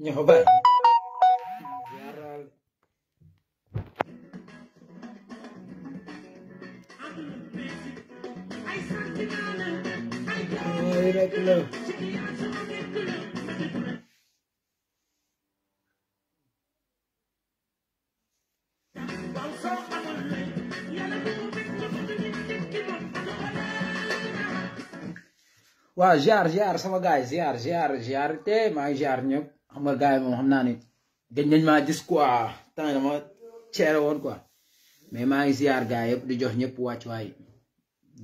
你好办。waaw ziar ziar sama gaay ziar ziar ziar te maa ngi ziar ñëpp xam nga gars moom xam naa ni gëj nañ maa gis quoi temps dama ceere woon quoi mais maa ngi ziar gars yëpp di jox ñëpp wàccuwaay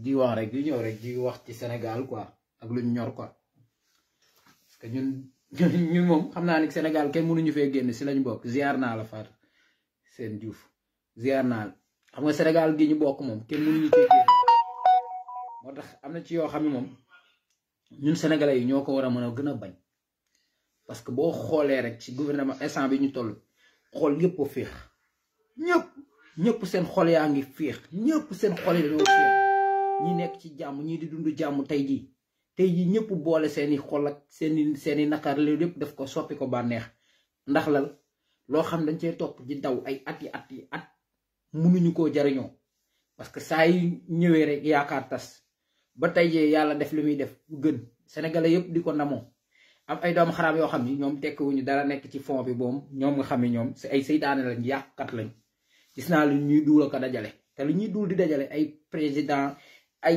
di wax rek di ñëw rek di wax ci Sénégal quoi ak luñ ñor quoi parce que ñun ñun moom xam naa ni Sénégal kenn mënuñu fee génn si lañ bokk ziar naa la far seen Diouf ziar naa la xam nga Sénégal gi ñu bokk moom kenn mënuñu fee génn moo tax am na ci yoo xam ne moom ñun sénégalais yi ñoo ko war a mën a gën a bañ. parce que boo xoolee rek ci gouvernement instant bi ñu toll xool yëpp a féex ñëpp ñëpp seen xool yaa ngi fiix ñëpp seen xol yi dañoo féex ñi nekk ci jàmm ñii di dund jàmm tey jii tey jii ñëpp boole seeni xool ak seeni seeni naqar loolu yëpp daf ko soppi ko bànneex ndax lal loo xam dañ cee topp di daw ay at yi at yi at mënuñu koo jariñoo parce que saa yi ñëwee rek yaakaar tas ba tey jii yàlla def li muy def gën sénégalais yëpp di ko namoo am ay doomu xaraam yoo xam ni ñoom tekk tekkiwuñu dara nekk ci fond bi boom ñoom nga xam ne ñoom si ay seytaane lañ kat lañ gis naa lu ñuy duula ko dajale te lu ñuy duul di dajale ay président ay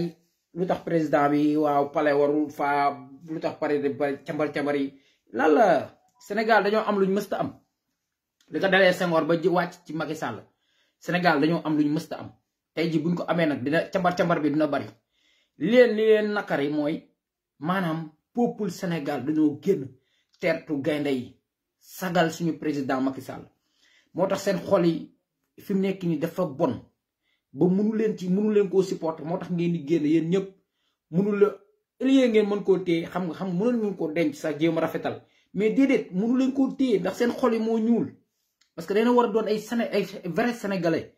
lu tax président bi waaw pale warul fa lu tax pare de cambar cambar yi lan Sénégal dañoo am luñ mësta am li ko dalee Senghor ba ji wàcc ci Macky sàll Sénégal dañoo am luñ mësta am tey ji buñ ko amee nag dina cambar cambar bi dina bari li leen li peuple Sénégal dañoo génn tertu gaynde yi sagal suñu président Macky Sall moo tax seen xol yi fi mu nekk nii dafa bon ba mënu leen ci mënu leen koo supporter moo tax ngeen di génn yéen ñëpp mënu la ëllëgee ngeen mën koo téye xam nga xam nga mënu leen koo denc sax jéem rafetal mais déedéet munu leen koo téye ndax seen xol yi moo ñuul parce que dana war a doon ay Séné ay vrai sénégalais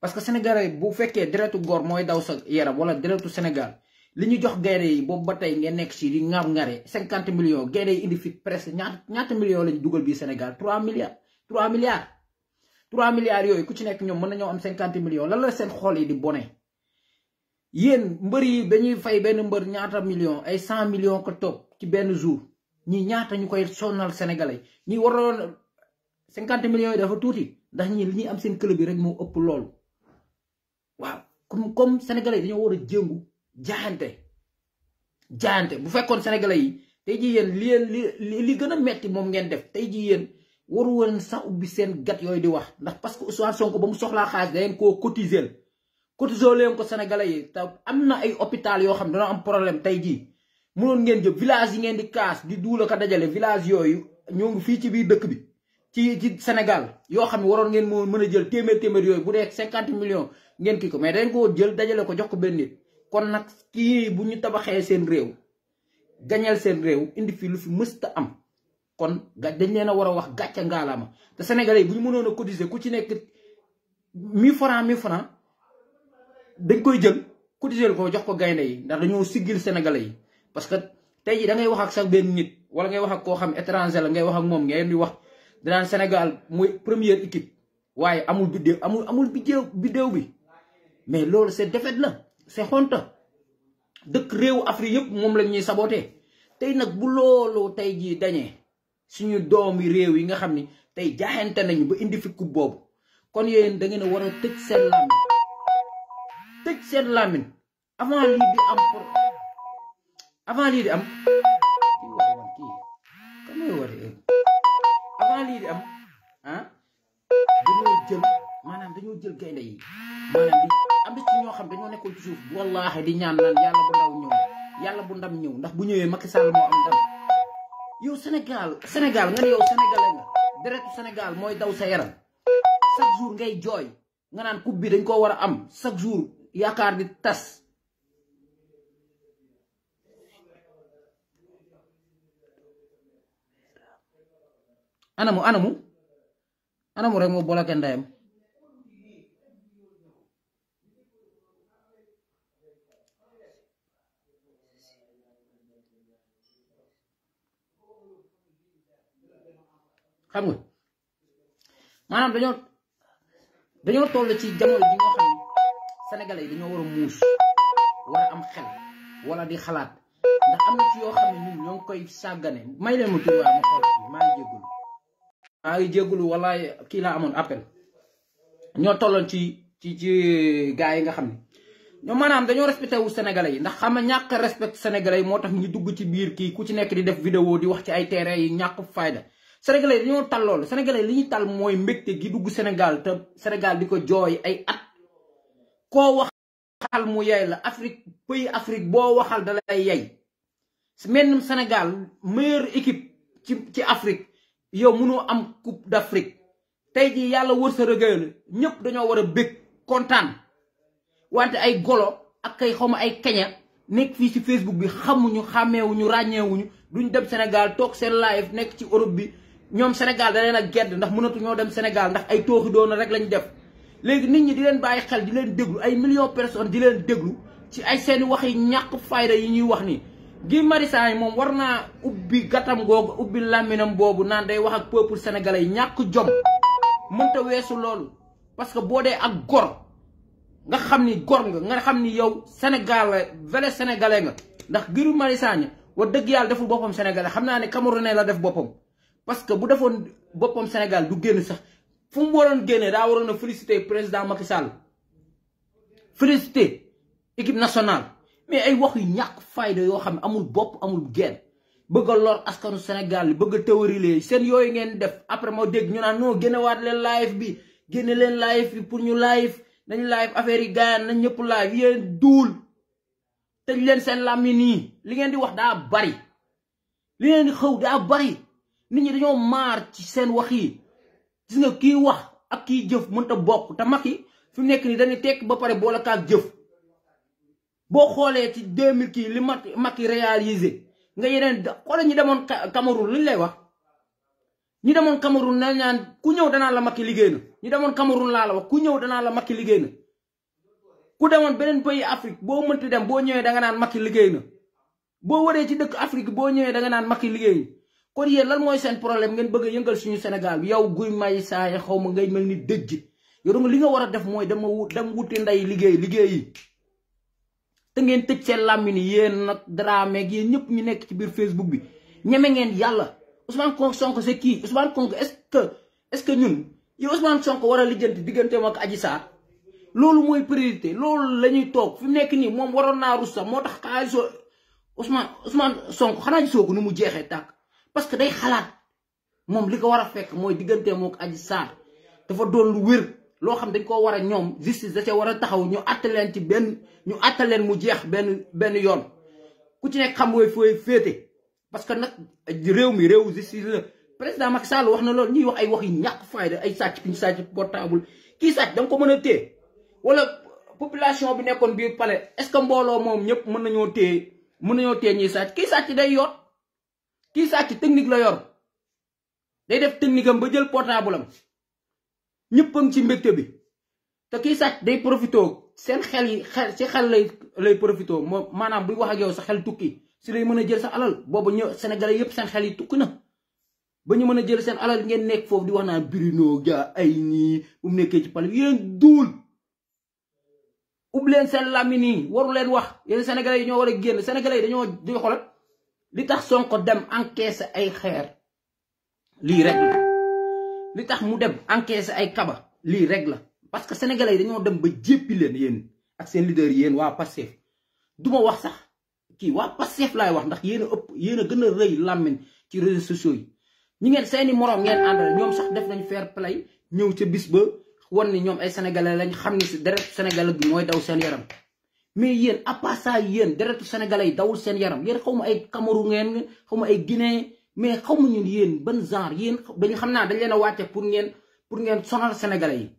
parce que sénégalais bu fekkee deretu góor mooy daw sa yaram wala deretu Sénégal. li ñu jox gaynde yi boobu ba tey ngeen nekk si di ŋar ŋare cinquante millions gaynde yi indi fi presque ñaata ñaata millions lañ dugal bii Sénégal trois milliards trois milliards trois milliards yooyu ku ci nekk ñoom mën nañoo am cinquante millions lan la seen xool yi di bone yéen mbër yi dañuy fay benn mbër ñaata millions ay cent millions ko toog ci benn jour ñi ñaata ñu koy sonal sénégalais ñi waroon cinquante millions yi dafa tuuti ndax ñi li ñuy am seen club yi rek moo ëpp loolu waaw comme comme dañoo war a jëngu jaante jaante bu fekkoon sénégalais yi tey jii yéen li li li gën a metti moom ngeen def tey jii yéen waru woon sax ubbi seen gat yooyu di wax ndax parce que Ousmane Sonko ba mu soxlaa xaalis da ngeen koo cotiser cotiser leen ko sénégalais yi te am na ay hôpital yoo xam dana am problème tey jii mënoon ngeen jëm village yi ngeen di kaas di duula ko dajale village yooyu ñoo ngi fii ci biir dëkk bi ci ci Sénégal yoo xam waroon ngeen moo mën a jël téeméer téeméer yooyu bu dee cinquante million ngeen ki ko mais dañ ko jël dajale ko jox ko benn nit kon nag kii bu ñu tabaxee seen réew gañeel seen réew indi fi lu fi mësta am kon ga dañ leen a war a wax gàcce ngaalaama te sénégalais yi bu ñu mënoon a cotiser ku ci nekk mi francs mille francs dañ koy jël cotiser ko jox ko gaynde yi ndax dañoo siggil sénégalais yi parce que tey jii wax ak sax benn nit wala ngay wax ak koo xam étranger la ngay wax ak moom ngeen di wax danaan Sénégal mooy première équipe waaye amul biddéew amul amul biddéew biddéew bi mais loolu c'est defet la c'est honte dëkk réew Afrique yëpp moom lañ ñuy saboté tey nag bu loolu tey jii dañee suñu doomi réew yi nga xam ni tey jaaxante nañu ba indi fi coupe boobu kon yéen da ngeen a war a tëj seen làmmiñ tëj seen làmmiñ avant lii di am pour avant ah dañoo jël maanaam dañoo jël gaynde yi maanaam di ñoo xam dañoo nekkoon ci suuf wallaahi di ñaan naan yàlla bu ndaw ñëw yàlla bu ndam ñëw ndax bu ñëwee Macky Sall moo am ndam yow Sénégal Sénégal nga ne yow sénégalais nga deretu Sénégal mooy daw sa yaram chaque jour ngay jooy nga naan coupe bi dañ koo war a am chaque jour yaakaar di tas anamu anamu anamu rek moo boloke ndeyam xam nga maanaam dañoo dañoo toll ci jamono ji nga xam ne yi dañoo war a muus war am xel wala di xalaat ndax am na ci yoo xam ne ñoo ngi koy sàggane may leen ma tur waaye ma xool kii laa amoon appel ñoo tolloon ci ci ci gars yi nga xam ne ñoom maanaam dañoo respecté wu sénégalais yi ndax xam ñàkk respect sénégalais yi moo tax ñu dugg ci biir kii ku ci nekk di def vidéo di wax ci ay terrain yi ñàkk fayda sénégalais dañoo tal lool sénégalais li ñu tal mooy mbégte gi dugg senegal te senegal di ko jooy ay at koo waxal mu yay la Afrique pays Afrique boo waxal da lay yay mennum Sénégal meilleure équipe ci ci Afrique yow mënoo am coupe d'Afrique tey jii yàlla wër sa rëgëyal ñëpp dañoo war a bég kontaan wante ay golo ak ay xawma ay keña nekk fii ci Facebook bi xamuñu xàmmeewuñu ràññeewuñu duñ dem senegal toog seen live nekk ci Europe bi ñoom Sénégal da leen a gedd ndax mënatu ñoo dem Sénégal ndax ay tooxi doona rek lañ def léegi nit ñi di leen bàyyi xel di leen déglu ay million personnes di leen déglu ci ay seeni wax yi ñàkk fayda yi ñuy wax nii Guy Marius Sagna moom war naa ubbi gàttam googu ubbi làmminam boobu naan day wax ak peuple sénégalais yi ñàkk jom mënta weesu loolu parce que boo dee ak gor nga xam ni gor nga nga xam ni yow sénégalais vrai sénégalais nga ndax Guy Marius Sagna wax dëgg yàlla deful boppam sénégalais xam naa ne camerounais la def boppam parce que bu defoon boppam Sénégal du génn sax fu mu waroon génne daa waroon na féliciter président Macky Sall féliciter équipe nationale mais ay wax yu ñàkk fayda yoo xam ne amul bopp amul génn bëgg a lor askanu Sénégal bëgg a théorie seen yooyu ngeen def après moo dégg ñu naan non génnewaat leen live bi génne leen live bi pour ñu live nañu live affaire yi gaayaan nañ ñëpp live yéen duul tëj leen seen làmmiñ nii li ngeen di wax daa bari li ngeen di xëw daa bari nit ñi dañoo maar ci seen wax yi gis nga kii wax ak kii jëf mënta bokk te mag yi fi nekk ni dañuy tekk ba pare boole kaak jëf boo xoolee ci 2000 kii li mag mag yi réalisé nga yeneen xool ñi demoon Cameroun luñ lay wax ñi demoon Cameroun na ñaan ku ñëw danaa la makki liggéey na demoon Cameroun laa la wax ku ñëw danaa la makki liggéey na ku demoon beneen pays Afrique boo mënti dem boo ñëwee da nga naan ki liggéey na boo waree ci dëkk Afrique boo ñëwee da nga naan ki liggéey kon yéen lan mooy seen problème ngeen bëgg a yëngal suñu Sénégal yow guy may saay xaw ma ngay mel ni dëj yow li nga war a def mooy dama wut dama wuti ndey liggéey liggéey te ngeen tëj seen làmmi yi yéen nag Dramé ak yéen ñëpp ñu nekk ci biir Facebook bi ñeme ngeen yàlla Ousmane Sonko c'est kii Ousmane Sonko est-ce que est-ce que ñun yow Ousmane Sonko war a lijjanti digganteem aji Adji loolu mooy priorité loolu la ñuy toog fi mu nekk nii moom waroon naa rus sax moo tax xaalis Ousmane Ousmane Sonko xanaa gisoo ko nu mu jeexee tàkk. parce que day xalaat moom li ko war a fekk mooy diggante mook Adji Sarr dafa doon lu wér loo xam dañ ko war a ñoom justice da cee war a taxaw ñu attaleen ci benn ñu attaleen mu jeex benn benn yoon ku ci nekk xam nga fooy féete parce que nag réew mi réew justice la président Macky Sall wax na loolu ñuy wax ay wax yu ñàkk fayda ay sàcc ki ñu sàcc portable kii sàcc da nga ko mën a téye wala population bi nekkoon biir palais est-ce que mbooloo moom ñëpp mën nañoo téye mën nañoo téye ñiy sàcc kii sàcc day yoot kii sàcc technique la yor day def technique am ba jël portable am ñëpp a ngi ci mbégte bi te kiy sàcc day profitoo seen xel yi xel si xel lay lay profitoo moom maanaam buy wax ak yow sa xel tukki si lay mën a jël sa alal boobu ñëw Sénégalais yëpp seen xel yi tukki na. ba ñu mën a jël seen alal ngeen nekk foofu di wax naan Bruno Dia ay ñii bu mu nekkee ci pale yéen duul ub leen seen làmmiñ nii waru leen wax yéen Sénégalais yi ñoo war a génn Sénégalais yi dañoo di xoolal. li tax Sonko dem encaissé ay xeer lii rek la li tax mu dem encaissé ay kaba lii rek la parce que sénégalais yi dañoo dem ba jéppi leen yéen ak seen leader yéen waa Pastef du ma wax sax kii waa Pastef laay wax ndax yéen ëpp yéen a gën a rëy làmmiñ ci réseaux sociaux yi ñi ngeen seeni moroom ngeen àndal ñoom sax def nañ feer play ñëw ca bis ba wan ni ñoom ay sénégalais lañ xam ni si deret sénégalais bi mooy daw seen yaram mais yéen à part ça yéen deretu sénégalais yi dawul seen yaram yéen xaw ma ay Cameroun ngeen xaw ma ay Guinée mais xaw ma ñun yéen ban genre yéen bañ xam naa dañ leen a wàcce pour ngeen pour ngeen sonal sénégalais yi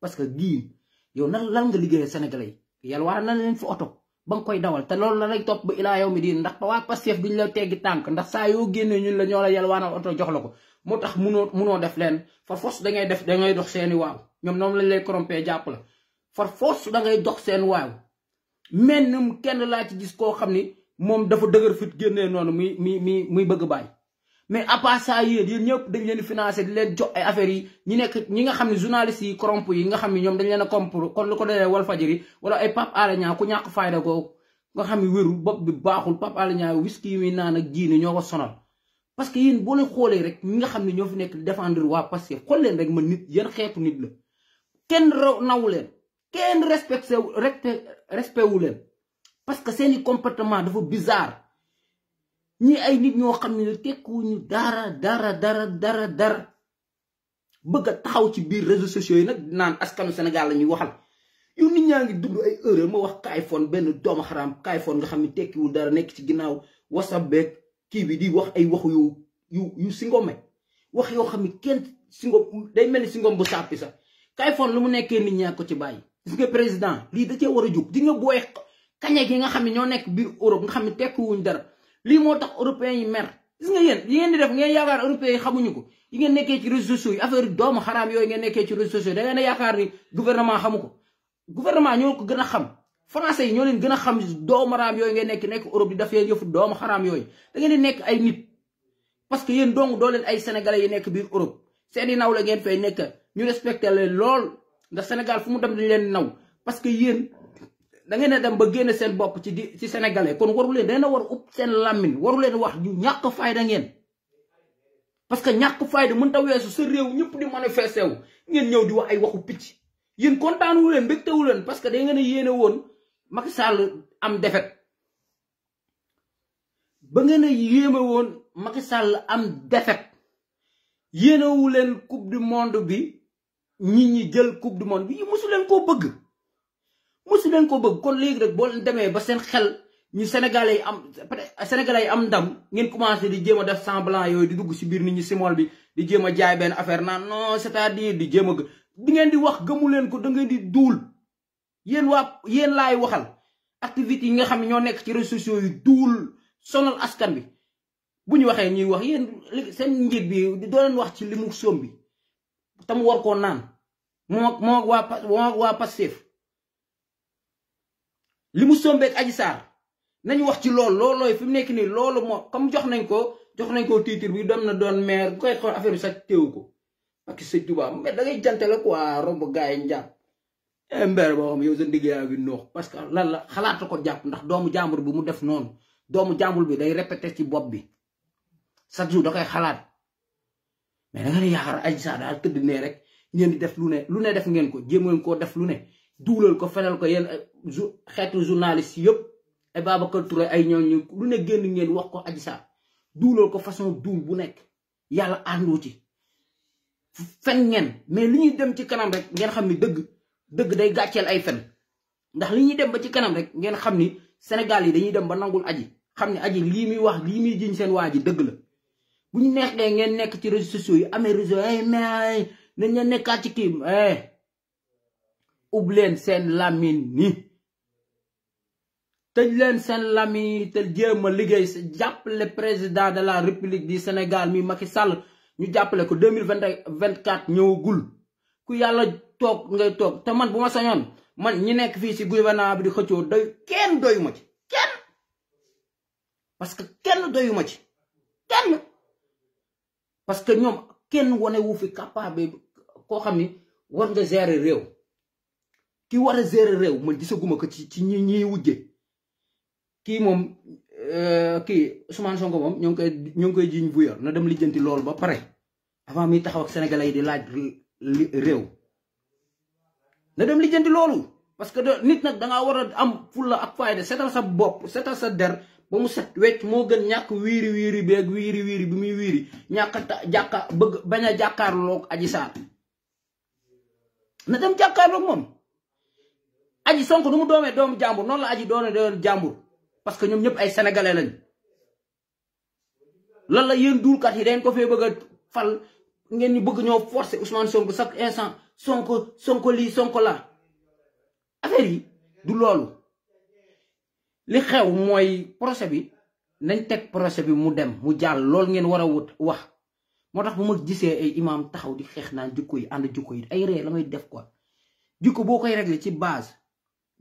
parce que gii yow nan lan nga liggéeyee sénégalais yi yalwaale na leen fi oto ba nga koy dawal te loolu la lay topp ba yow mi di ndax waa Pastef duñ la teggi tànk ndax saa yoo génnee ñun la ñoo la yalwaanal oto jox la ko moo tax munoo munoo def leen fa force da ngay def da ngay dox seeni waaw ñoom noonu lañ lay corrompé jàpp la far force ngay dox seen waaw mennum kenn laa ci gis koo xam ni moom dafa dëgër fit génnee noonu muy muy muy muy bëgg bàyyi mais à part ça yéen ñëpp dañ leen financé di leen jox ay affaires yi ñi nekk ñi nga xam ne journalistes yi corrompu yi nga xam ne ñoom dañ leen a compre ko dalee Walfadjri wala ay Pape Alé Niang ku ñàkk fayda googu nga xam ne wérul bopp bi baaxul Pape Alé Niang whisky yi muy naan ak ñoo ko sonal parce que yéen boo leen xoolee rek ñi nga xam ne ñoo fi nekk défendre waa Pastef xool leen rek man nit yan xeetu nit la kenn raw naw leen kenn respecté respect wu leen parce que seeni comportement dafa bizarre ñi ay nit ñoo xam ne tekkuwuñu dara dara dara dara dara bëgg taxaw ci biir réseaux sociaux yi nag naan askanu senegal la ñuy waxal yow nit ñaa ngi dund ay erreur ma wax kayfon benn doomu xaraam kayfon nga xam ne tekkiwul dara nekk ci ginnaaw whatsapp beeg kii bi di wax ay waxu yu yu yu singome wax yoo xam ne kenn singom day mel ni singom bu sàppi sax kayfon lu mu nekkee nit ñaa ko ci bàyyi. gis nga président lii da cee war a jóg di nga booy kañe gi nga xam ne ñoo nekk biir Europe nga xam tekk tekkiwuñ dara lii moo tax européens yi mer gis nga yéen yi ngeen di def ngeen yaakaar européens yi xamuñu ko yi ngeen nekkee ci réseaux sociaux yi affaire yooyu ngeen nekkee ci réseaux sociaux da a yaakaar ni gouvernement xamu ko gouvernement ko gën a xam français ñoo leen gën a xam doomu xaraam yooyu ngeen nekk nekk Europe di def yéen yëfu doomu xaraam yooyu da ngeen nekk ay nit parce que yéen dong doo ay sénégalais yi nekk biir Europe seen i naw la ngeen fay nekk ñu respecté leen lool ndax Sénégal fu mu dem dañ leen naw parce que yéen da ngeen a dem ba génne seen bopp ci di ci sénégalais kon waru leen dana war upp seen làmmiñ waru leen wax ñu ñàkk fayda ngeen. parce que ñàkk fayda mënta weesu sa réew ñëpp di manifesté wu ngeen ñëw di wax ay waxu picc yéen kontaan wu leen mbégte wu leen parce que da ngeen a woon Macky Sall am défaite ba ngeen a woon Macky Sall am défaite yéenewu leen coupe du monde bi. nit ñi jël coupe du monde bi mosu leen koo bëgg mosu leen koo bëgg kon léegi rek boo demee ba seen xel ñu sénégalais yi am sénégalais yi am ndam ngeen commencé di jéem a def semblant yooyu di dugg si biir nit ñi simol bi di jéem a jaay benn naan non cest à di jéem a di ngeen di wax gëmu leen ko da ngeen di duul yéen waa yéen laay waxal activités yi nga xam ñoo nekk ci réseaux sociaux yi duul sonal askan bi bu ñu waxee ñuy wax yéen seen njiit bi doo dooleen wax ci li mu bi tam war koo naan moo moo waa moo li mu sombeeg Adji Sarr nañu wax ci loolu loolooy fi mu nekk nii loolu moo comme jox nañ ko jox nañ ko titre bi dam na doon maire bu koy xool affaire bi sax teewu ko ak sëñ Tuubaa mais da ngay jantale quoi romb gars yi njàpp eh, mbër boo xam yow sa ndigg yaa ngi noox parce que lan la xalaata ko jàpp ndax doomu jàmbur bi mu def noonu doomu jàmbur bi day répété ci bopp bi sa jour da koy xalaat mais da nga yaakaar Adji Sarr daal tëdd ne rek ngeen di def lu ne lu ne def ngeen ko jéem ngeen koo def lu ne duulal ko fenal ko yéen euh, xeetu journaliste yëpp ay Babacar ay ñooñu lu ne génn ngeen wax ko Adji Sarr duulal ko façon duul bu nekk yàlla àndoo ci fen ngeen mais li ñuy dem ci kanam rek ngeen xam ni dëgg dëgg day gàcceel ay fen ndax li ñuy dem ba ci kanam rek ngeen xam ni Sénégal yi dañuy dem ba nangul aji xam ni aji lii muy wax lii muy jiñ seen waa ji dëgg la bu ñu neexee ngeen nekk ci réseaux sociaux yi amee réseau ay eh, mais na ngeen nekkaat ci kii eh ub leen seen làmmi ni tëj leen seen làmmiñ yi te jéem a liggéey jàppale président de la république du Sénégal mi Macky Sall ñu jàppale ko 2024 ñëwagul ku yàlla toog ngay toog te man bu ma sañoon man ñi nekk fii si gouvernement bi di xëccoo doy kenn doyu ma ci kenn parce kenn doyu ma ci kenn parce que ñoom kenn wane wu fi capable koo xam ni war nga gérer réew ki war a gérer réew man gisaguma ko ci ci ñi ñiy wujje kii moom euh, kii Ousmane Sonko moom ñoo ngi koy ñoo ngi koy jiñ bu yor na dem lijjanti loolu ba pare avant mi taxaw ak sénégalais yi di laaj réew na dem lijjanti loolu parce que nit nag da war a am fulla ak de setal sa bopp setal sa der ba mu set wecc moo gën ñàkk wiiri wiiri beeg wiiri wiiri bi muy wiiri ñàkk ta bëgg bañ a jàkkaarloog aji saar na dem jàkkaarloog moom aji sonko nu mu doomee doom jàmbur noonu la aji doone doon jàmbur parce que ñoom ñëpp ay sénégalais lañ lan la yéen duulkat yi dañ ko fee bëgg a fal ngeen ñu bëgg ñoo forcer Ousmane Sonko chaque instant sonko sonko lii sonko laa affaire yi du loolu li xew mooy procès bi nañ teg procès bi mu dem mu jàll loolu ngeen war a wut wax moo tax bu ma gisee ay imaam taxaw di xeex naan jikko yi ànd jikko yi ay ree la may def ko jikko boo koy réglé ci base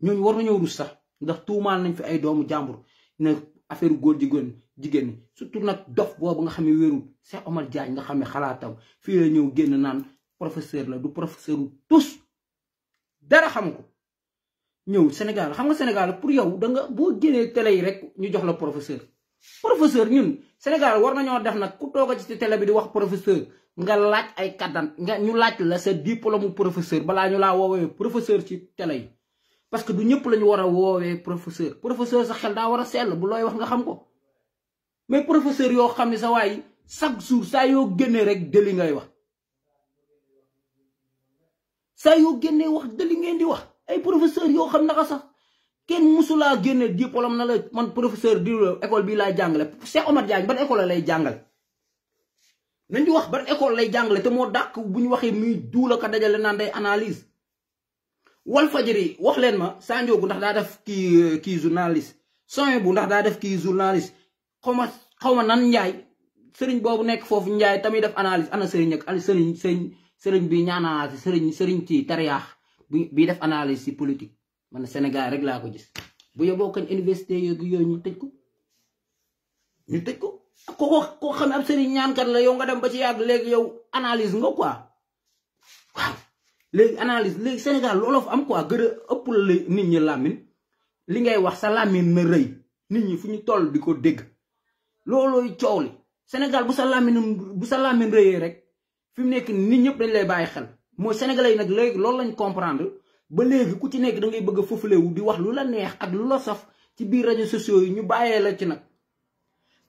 ñooñu war ñëw rus sax ndax tuumaal nañ fi ay doomu jàmbur na affaire góor jigéen jigéen ñi surtout nag dof boobu nga xam ne wérul Cheikh Omar Diagne nga xam ne xalaatam fii la ñëw génn naan professeur la du professeur tus dara xam ko ñëw Sénégal xam nga Sénégal pour yow da nga boo génnee télé yi rek ñu jox la professeur professeur ñun Sénégal war nañoo def nag ku toog ci télé bi di wax professeur nga laaj ay kàddan nga ñu laaj la sa diplôme professeur balaa ñu laa woowee professeur ci tele yi. parce que du ñëpp la ñu war a woowee professeur professeur sa xel daa war a sell bu looy wax nga xam ko mais professeur yoo xam ne sa waay chaque jour saa yoo génnee rek dëli ngay wax saa yoo génnee wax dëli di wax. ay professeur yoo xam naka sax kenn musulaa génne diplôme na la man professeur di école bii laay jàngale Cheikh Omar Diagne ban école lay jàngale nañ di wax ban école lay jàngale te moo dàq bu ñu waxee muy duula ka dajale naan day analyse Walfadjri wax leen ma Sanjo bu ndax daa def kii kii journaliste soin bu ndax daa def kii journaliste xaw ma xaw ma nan njaay sëriñ boobu nekk foofu njaay tamit def analise ana sëriñ ak sëriñ sëriñ sëriñ bi ñaanaa sëriñ sëriñ ci tariyaax bi def analyse ci politique man Sénégal rek laa ko gis bu yóbboo kañ université yooyu yooyu ñu tëj ko ñu tëj ko ko koo xam ne ab sëriñ la yow nga dam ba ci yàgg léegi yow analise nga quoi waaw léegi analyse léegi Sénégal looloo fa am quoi gën a ëpp la nit ñi làmmiñ li ngay wax sa làmmiñ na rëy nit ñi fu ñu toll di ko dégg loolooy coow li Sénégal bu sa làmmiñ bu rëyee rek fi mu nekk nit ñëpp dañ lay bàyyi xel mooy sénégalais yi nag léegi loolu lañ comprendre ba léegi ku ci nekk da ngay bëgg a foofulewu di wax lu la neex ak lu la saf ci biir réseaux sociaux yi ñu bàyyee la ci nag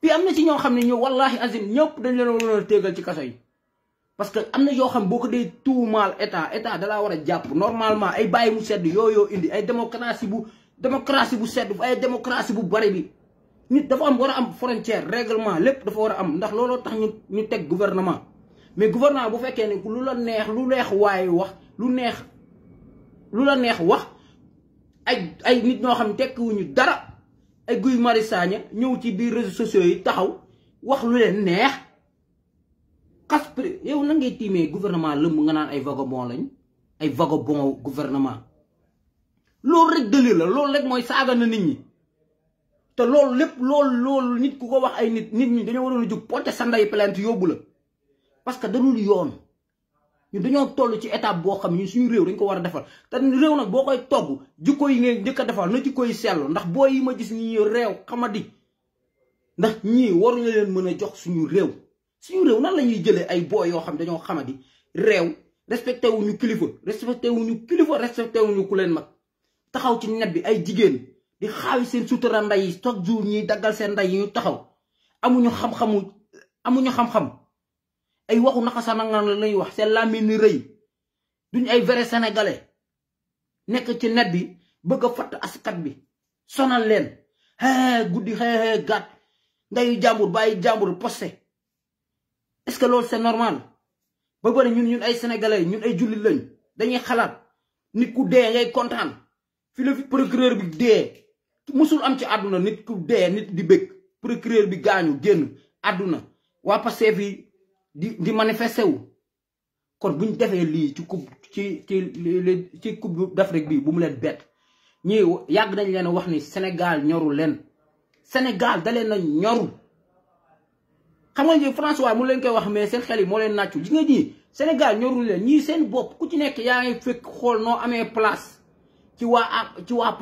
puis am na ci ñoo xam ne ñu wallahi azim ñëpp dañ leen waroon a téegal ci kaso yi parce que am na yoo xam boo ko dee tuumaal état état dalaa war a jàpp normalement ay bàyyi mu sedd yooyoo indi ay démocratie bu démocratie bu sedd ay démocratie bu bari bi nit dafa am war a am frontière règlement lépp dafa war a am ndax looloo tax ñu teg gouvernement mais gouvernement bu fekkee ne lu la neex lu neex waaye wax lu neex lu la neex wax ay ay nit ñoo xam ne tekkiwuñu dara ay Guy Marius Sagna ñëw ci biir réseaux sociaux yi taxaw wax lu leen neex xas yow na ngay tiimee gouvernement lëmm nga naan ay vagabond lañ ay vagabond gouvernement loolu rek dëli la loolu rek mooy saaga na nit ñi te loolu lépp loolu loolu nit ku ko wax ay nit nit ñi dañoo waroon a jóg porté sa ndey plainte yóbbu la parce que danul yoon ñu dañoo toll ci étape boo xam ñu suñu réew dañ ko war a defal te réew nag boo koy togg jikko yi ngay njëkk a defar na jikko yi sell ndax boo yi ma gis ñi réew xamadi ndax ñii waruñu leen mën a jox suñu réew suñu réew nan la ñuy jëlee ay booy yoo xam dañoo xamadi réew respecté wuñu kilifa respecté wuñu kilifa respecté wuñu ku leen mag taxaw ci net bi ay jigéen di xaawi seen sutura nday yi chaque jour ñuy daggal seen ndey yi ñu taxaw amuñu xam amuñu xam ay waxu naka sa nanga lañuy wax seen làmmiñ ni rëy duñ ay vrai sénégalais nekk ci net bi bëgg a fatt askat bi sonal leen xeexee guddi xeexee gàtt ngay jàmbur bàyyi jàmbur posté est que loolu c'est normal ba bari ñun ñun ay sénégalais ñun ay jullit lañ dañuy xalaat nit ku dee ngay kontaan fi la fi procureur bi dee musul am ci àdduna nit ku dee nit di bëgg procureur bi gaañu génn àdduna waa Pastef yi di di manifester wu kon bu ñu defee lii ci coupe ci ci ci coupe d'Afrique bi bu mu leen bett ñi yàgg nañ leen wax ni Sénégal ñorul leen Sénégal da na ñorul xam nga ni François mu leen koy wax mais seen xel yi moo leen nàccu gis nga ñii Sénégal ñorul leen ñii seen bopp ku ci nekk yaa ngi fekk xool noo amee place ci waa ci waa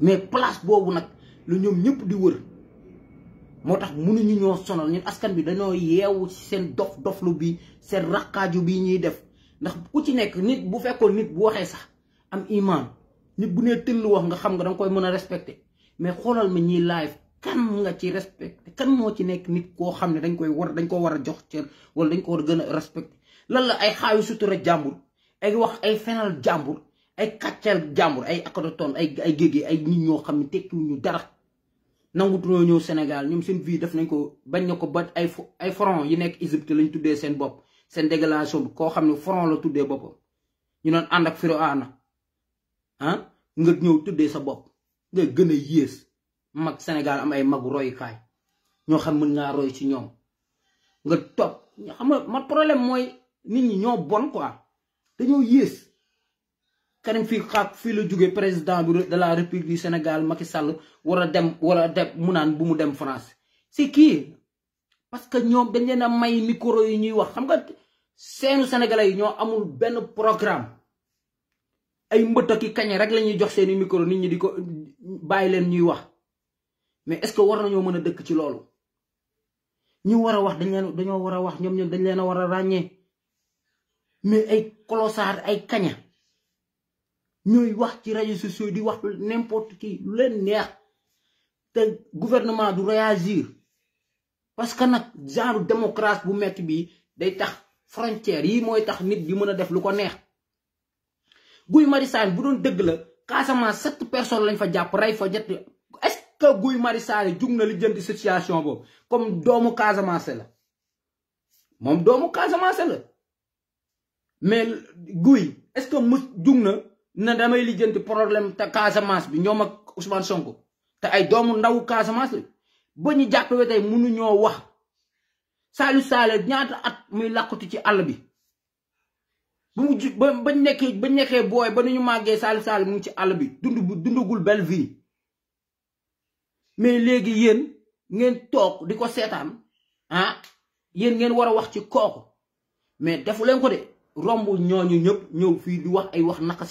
mais place boobu nag lu ñoom ñëpp di wër moo tax mënuñu ñoo sonal ñun askan bi dañoo yeewu ci seen dof doflu bi seen raqaaju bi ñuy def ndax ku ci nekk nit bu fekkoon nit bu waxee sax am imaan nit bu nee tëll wax nga xam nga danga koy mën a respecté mais xoolal ma ñiy live kan nga ci respecté kan moo ci nekk nit koo xam ne dañ koy war dañ koo war a jox cër wala dañ ko war a gën a respecté lan la ay xaayu sutura jàmbur ay wax ay fenal jàmbur ay kàcceel jàmbur ay akadoton ay ay géege ay nit ñoo xam ne tekkiwuñu dara turoo ñëw Sénégal ñoom seen vie def nañ ko bañ na ko ba ay ay front yi nekk Égypte lañ tuddee seen bopp seen délégation bi koo xam ne front la tuddee boppam ñu doon ànd ak na ah nga ñëw tuddee sa bopp nga gën a yées mag Sénégal am ay magu royukaay ñoo xam mun ngaa roy ci ñoom nga topp xam ma problème mooy nit ñi ñoo bon quoi dañoo yées Karim fii xaak fii la jóge président bi de la république du Sénégal Macky Sall war a dem war a dem mu naan bu mu dem France si kii parce que ñoom dañ leen a may micro yi ñuy wax xam nga seenu sénégalais yi ñoo amul benn programme ay mbët ak i kañe rek lañuy ñuy jox seeni micro nit ñi di ko bàyyi leen ñuy wax mais est-ce que war nañoo mën a dëkk ci loolu ñu war a wax dañ leen dañoo war a wax ñoom ñoom dañ leen a war a ràññee mais ay kolosaar ay kaña ñooy wax ci réseaux sociaux di wax n'importe qui lu leen neex te gouvernement du réagir parce que nag genre démocratie bu metti bi day tax frontière yi mooy tax nit di mën a def lu ko neex Guy Marius bu doon dëgg la Casamance sept personnes lañ fa jàpp rey fa ñett est-ce que Guy Marius jug na li jënd situation boobu comme doomu Casamance la moom doomu Casamance la mais Guy est-ce que mu jug na na damay lijjanti problème te Casamance bi ñoom ak Ousmane Sonko te ay doomu ndaw Casamance la ba ñu jàppee tey mënuñoo wax Saliou Saale ñaata at muy làqutu ci àll bi bu mu ju ba bañ nekkee bañ nekkee booy ba nu ñu màggee saalu Saale mu ngi ci àll bi dund bu dundagul belle vie mais léegi yéen ngeen toog di ko seetaan ah yéen ngeen war a wax ci kooku mais defu leen ko de. romb ñooñu ñëpp ñëw fii di wax ay wax naka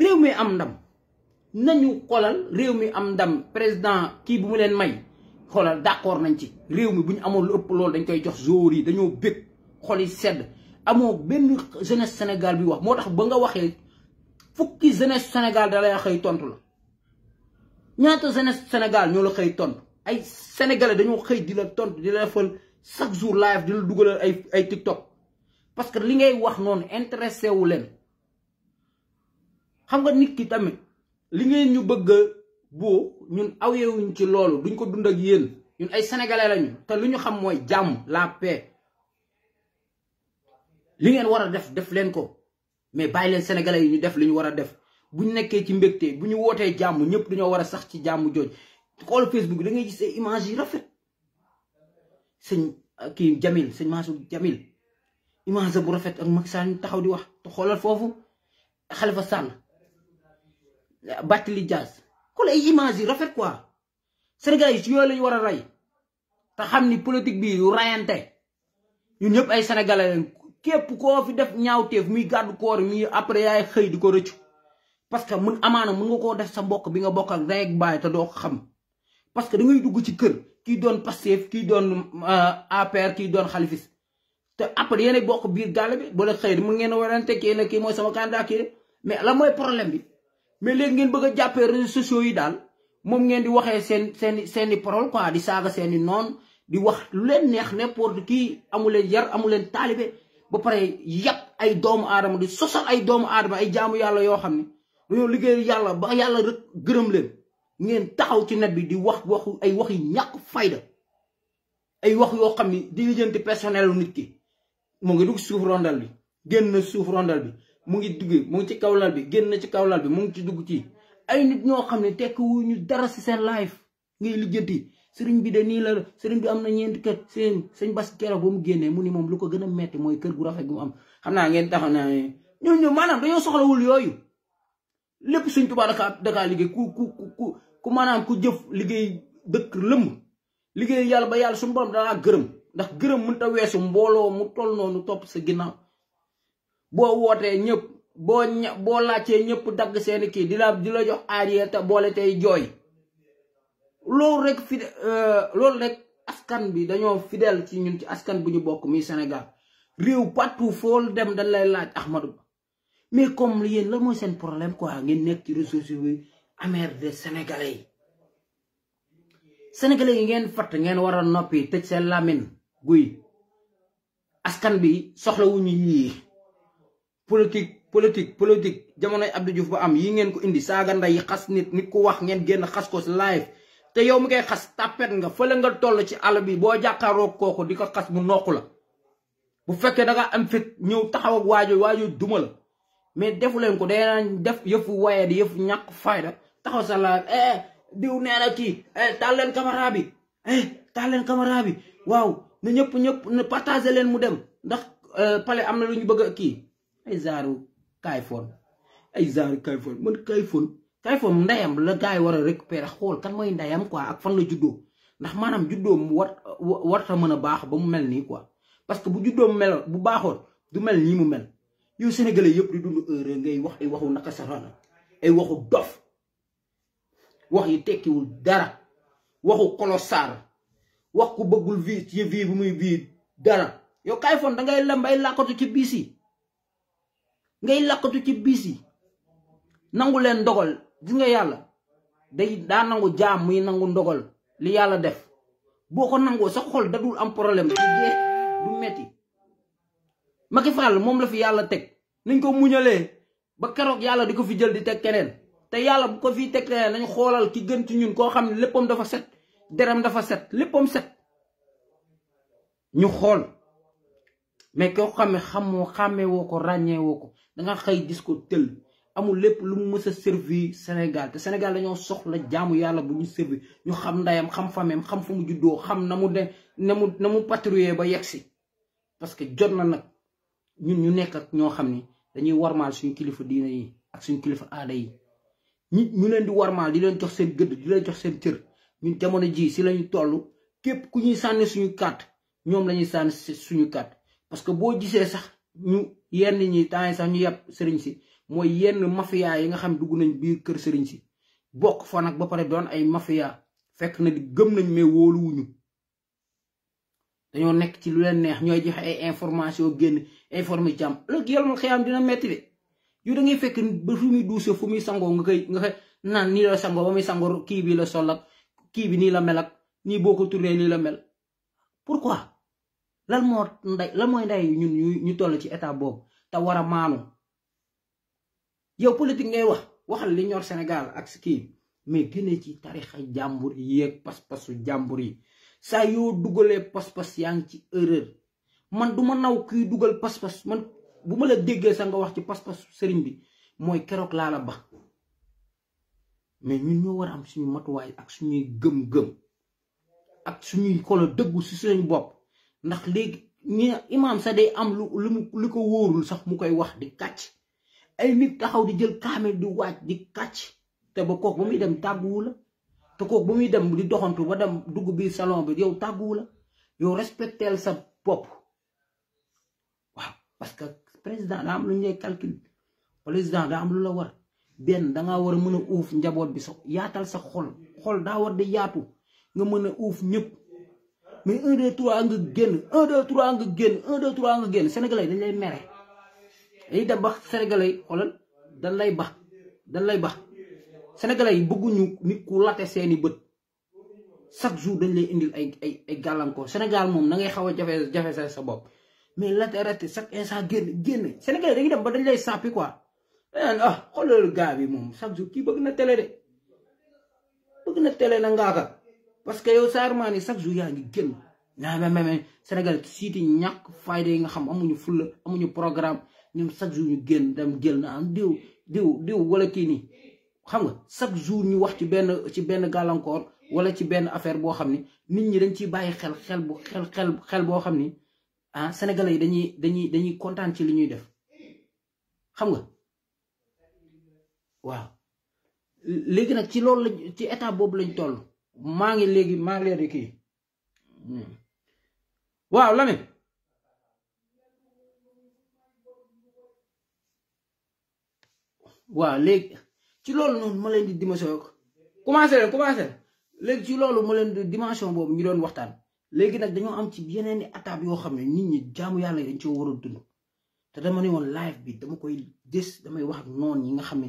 réew mi am ndam nañu xoolal réew mi am ndam président kii bi mu leen may xoolal d'accord nañ ci réew mi bu ñu amoon lu ëpp loolu dañ koy jox jour yi dañoo bég xol yi sedd amoo benn jeunesse Sénégal bi wax moo tax ba nga waxee fukki jeunesse Sénégal da lay xëy tontu la ñaata jeunesse Sénégal ñoo la xëy tontu ay sénégalais dañoo xëy di la tontu di la defal chaque jour live di la dugalal ay ay TikTok. parce que li ngay wax noonu intéressé wu leen xam nga nit ki tamit li ngeen ñu bëgg a boo ñun awyeewuñ ci loolu duñ ko dund ak yéen ñun ay sénégalais lañu te lu ñu xam mooy jàmm la paix li ngeen war a def def leen ko mais bàyyi leen yu ñu def li ñu war a def bu ñu nekkee ci mbégte bu ñu wootee jàmm ñëpp dañoo war a sax ci jàmm jooj xool Facebook da ngay gis ay images yi rafet sëñ kii Jamil sëñ Mansour Jamil image bu rafet ak Macky Sall ñu taxaw di wax te xoolal foofu xalifa Sall Barthélémy Dias xool ay image yi rafet quoi Sénégal yi ci yooyu lañu war a rey te xam ni politique bi yu rayante ñun ñëpp ay sénégalais lañ képp ko fi def ñaaw ñaawteef muy gàddu koor mi après yaay xëy di ko rëccu parce que mun amaana mun nga koo def sa mbokk bi nga bokk ak ndey ak baay te doo xam parce que da dugg ci kër kii doon Pastef kii doon euh, APR kii doon xalifis te après yéen bokk biir gàll bi ba la xëy mu ngeen warante kii na kii mooy sama candidat kii mais la mooy problème bi mais léegi ngeen bëgg a jàppee réseaux sociaux yi daal moom ngeen di waxee seen seen seen i parole quoi di saaga seen i noon di wax lu leen neex n'importe kii amuleen leen yar amu leen taalibe ba pare yàpp ay doomu aadama di sosal ay doomu aadama ay jaamu yàlla yoo xam ne dañoo liggéey yàlla ba yàlla rek gërëm leen ngeen taxaw ci net bi di wax waxu ay wax yu ñàkk fayda ay wax yoo xam ni di lijjanti personnel nit ki mu ngi dugg suuf rondal bi génn na suuf rondal bi mu ngi dugg mu ngi ci kawlal bi génn na ci kawlal bi mu ngi ci dugg ci ay nit ñoo xam ne tekk wu ñu dara si seen life ngay lijjanti sëriñ bi de nii la sëriñ bi am na ñeent kër seen sëñ bas keroog ba mu génnee mu ni moom lu ko gën a metti mooy kër gu rafet gu am xam naa ngeen taxaw naa ñoo ñoo maanaam dañoo soxlawul yooyu lépp suñ tubaab dakaa liggéey ku ku ku ku maanaam ku jëf liggéey dëkk lëmm liggéey yàlla ba yàlla suñu borom danaa gërëm ndax gërëm mënut a weesu mbooloo mu toll noonu topp sa ginnaaw boo wootee ñëpp boo ña boo laajtee ñëpp dagg seeni kii di la di la jox arrière te boole tey jooy loolu rek fi euh, loolu rek askan bi dañoo fidèle ci ñun ci askan bu ñu bokk muy Sénégal réew partout fool dem dañ lay laaj Ahmadou Ba mais comme yéen la mooy seen problème quoi ngeen nekk ci ressources yi amère des Sénégalais yi Sénégalais yi ngeen fatt ngeen war a noppi tëj seen làmmiñ guy askan bi soxlawuñu yii politique politique politique jamonoy Abdou Diouf ba am yi ngeen ko indi saaga nday xas nit nit ku wax ngeen génn xas ko si live te yow mi koy xas tàppet nga fële nga toll ci àll bi boo jàkkaaroo kooku di ko xas mu noq la bu fekkee da nga am fit ñëw taxaw ak waajo waajo duma mais defu leen ko day def yëfu waaye di yëfu ñàkk fayda taxaw sa live eh diw nee na kii eh taal leen caméra bi eh, waaw na ñëpp ñëpp na partagé leen mu dem ndax euh, pale am na lu ñu bëgg a kii ay zaaru kayfon ay zaaru kayfon man kayfon kayfon ndeyam la gars war a récupérer xool kan mooy ndeyam quoi ak fan la juddoo ndax maanaam juddoo mu war warta mën a baax ba mu mel nii quoi parce que bu juddoo mu bu baaxoon du mel nii mu mel yow sénégalais yëpp di dund heure ngay wax ay waxu naka sarana ay waxu dof wax yi tekkiwul dara waxu kolosaar wax ku bëggul vie ci vie bu muy biir dara yow kay fon da ngay lem ay làkkatu ci biis yi ngay làkkatu ci biis yi nangu leen ndogal gis nga yàlla day daa nangu jaam muy nangu ndogal li yàlla def boo ko nangoo sa xol da dul am problème du jeex du metti Macky Sall moom la fi yàlla teg nañ ko muñalee ba keroog yàlla di ko fi jël di teg keneen te yàlla bu ko fiy teg keneen nañu xoolal ki gën ci ñun koo xam ne léppam dafa set deram dafa set léppam set ñu xool mais xam xame xamoo xàmmee woo ko ràññee woo ko danga xëy gis ko tëll amul lépp lu mu mësa a servir Sénégal te Sénégal dañoo soxla jaamu yàlla bu ñu servir ñu xam ndayam xam fameem xam fu mu juddoo xam na mu de na na mu patrouiller ba yegg si parce que jot na nag ñun ñu nekk ak ñoo xam ni dañuy warmaal suñu kilifa diina yi ak suñu kilifa aada yi ñi ñu leen di warmaal di leen jox seen gëdd di leen jox seen cër ñun jamono ji si lañu toll képp ku ñuy sànni suñu kat ñoom lañuy ñuy sànni suñu kat parce que boo gisee sax ñu yenn ñi temps yi sax ñu yàpp sëriñ si mooy yenn mafia yi nga xam dugg nañ biir kër sëriñ si bokk fa nag ba pare doon ay mafia fekk na di gëm nañ mais wóoluwuñu dañoo nekk ci lu leen neex ñooy joxe ay information génn informé jàmm léegi yàlla na xëyam dina metti de yow da fekk ba fu muy duusee fu muy sangoo nga koy nga koy naan nii la sangoo ba muy sangoo kii bi la sol kii bi nii la melak ak nii boo ko tourné nii la mel pourquoi lan moo nday lan mooy nday ñu toll ci état boobu te war a maanu yow politique ngay wax waxal li ñor senegal ak si kii mais génne ci tarixa jàmbur yi ak pas-pasu jàmbur yi saa yoo dugalee pas-pas yaa ngi ci erreur man du ma naw kuy dugal pas-pas man bu ma la déggee sa nga wax ci pas-pasu sëriñ bi mooy keroog laa la ba mais ñu ñoo war a am suñu matuwaay ak suñuy gëm-gëm ak suñuy xolo dëggu si suñu bopp ndax léegi ñu imaam sax day am lu lu lu ko wóorul sax mu koy wax di kàcc ay nit taxaw di jël kaamel di waaj di kàcc te ba kook ba muy dem tàgguwu te kook ba muy dem di doxantu ba dem dugg biir salon bi yow tàgguwu la yow respectel sa bopp waaw parce que président daa am lu ñuy calcul président daa am lu la war benn da ngaa war a mën a uuf njaboot bi sa yaatal sa xol xol daa war di yaatu nga mën a uuf ñëpp mais un deux trois nga génn un deux trois nga génn un deux trois dañ lay mere dañuy dem ba sénégalais lay bax dañ lay bax sénégalais yi bëgguñu nit ku late seeni bët chaque jour dañ lay indil ay ay ay gàllankoor Sénégal moom na ngay xaw a jafe jafe sa sa bopp mais rate chaque instant génn génn sénégalais ba dañ lay sàppi quoi. danaan ah xoolal gaa bi moom chaque jour kii bëgg na télé de bëgg na télé na ngaaka parce que yow Sadio Mané chaque jour yaa ngi génn naa ma ma Sénégal siiti ñàkk fayda yi nga xam amuñu fulla amuñu programme ñoom chaque jour ñu génn dem jël na am diw diw diw wala kii nii xam nga chaque jour ñu wax ci benn ci benn gàllankoor wala ci benn affaire boo xam ni nit ñi dañ ciy bàyyi xel xel bu xel xel boo xam ni ah sénégalais yi dañuy dañuy dañuy kontaan ci li ñuy def xam nga. waaw léegi nag ci loolu lañ ci état boobu lañ toll maa ngi léegi maa ngi leen di kii hmm. waaw Lamine waaw léegi ci loolu noonu ma leen di dimension yo commencé leen commencé léegi ci loolu ma leen di dimension boobu ñu doon waxtaan léegi nag dañoo am ci yeneen i étape yoo xam ne nit ñi jaamu yàlla dañ coo war a te dama ne woon bi dama koy des damay wax ak yi nga xam ne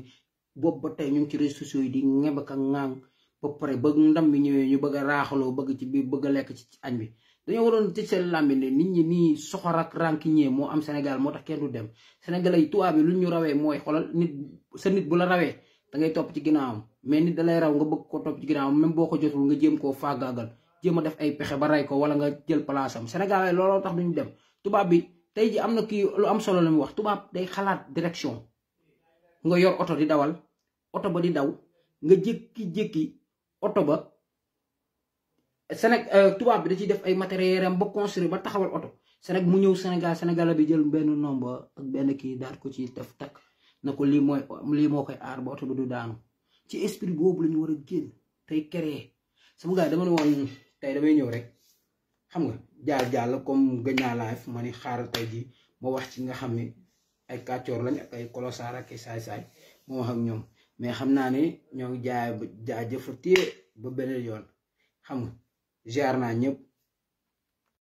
boobu ba tey ñu ngi ci réseaux sociaux yi di ñebe ka ŋaang ba pare ba ndam bi ñëwee ñu bëgg a raaxaloo bëgg ci biir bëgg a lekk ci añ bi dañoo waroon tëj seen làmbi ne nit ñi nii soxor ak rànkiñee moo am Sénégal moo tax kenn du dem Sénégalais yi tubaab lu ñu rawee mooy xoolal nit sa nit bu la rawee da ngay topp ci ginnaawam mais nit da lay raw nga bëgg ko topp ci même boo ko jotul nga jéem koo faagaagal jéem a def ay pexe ba rey ko wala nga jël place am Sénégalais looloo tax duñu dem tubaab bi tey ji am na kii lu am solo la mu wax tubaab day xalaat direction nga yor oto di dawal oto ba di daw nga jékki-jékki oto ba Sénég euh, tubaab bi da ci def ay matériel am ba construire ba taxawal oto Sénég mu ñëw Sénégal Sénégal bi jël benn nomba ak benn kii daal ko ci def takk na ko lii mooy moo koy aar ba oto bi du daanu ci esprit boobu lañu war a génn tey créer sama gars dama ne woon tey damay ñëw rek xam nga jaar jaar la comme Gagna Life ma ni xaaral tey jii ma wax ci nga xam ni ay kàccoor lañ ay kolosaar ak saay-saay moo wax ak ñoom. mais xam naa ni ñoo ngi jaay jaajëfatee ba beneen yoon xam nga ziar naa ñëpp.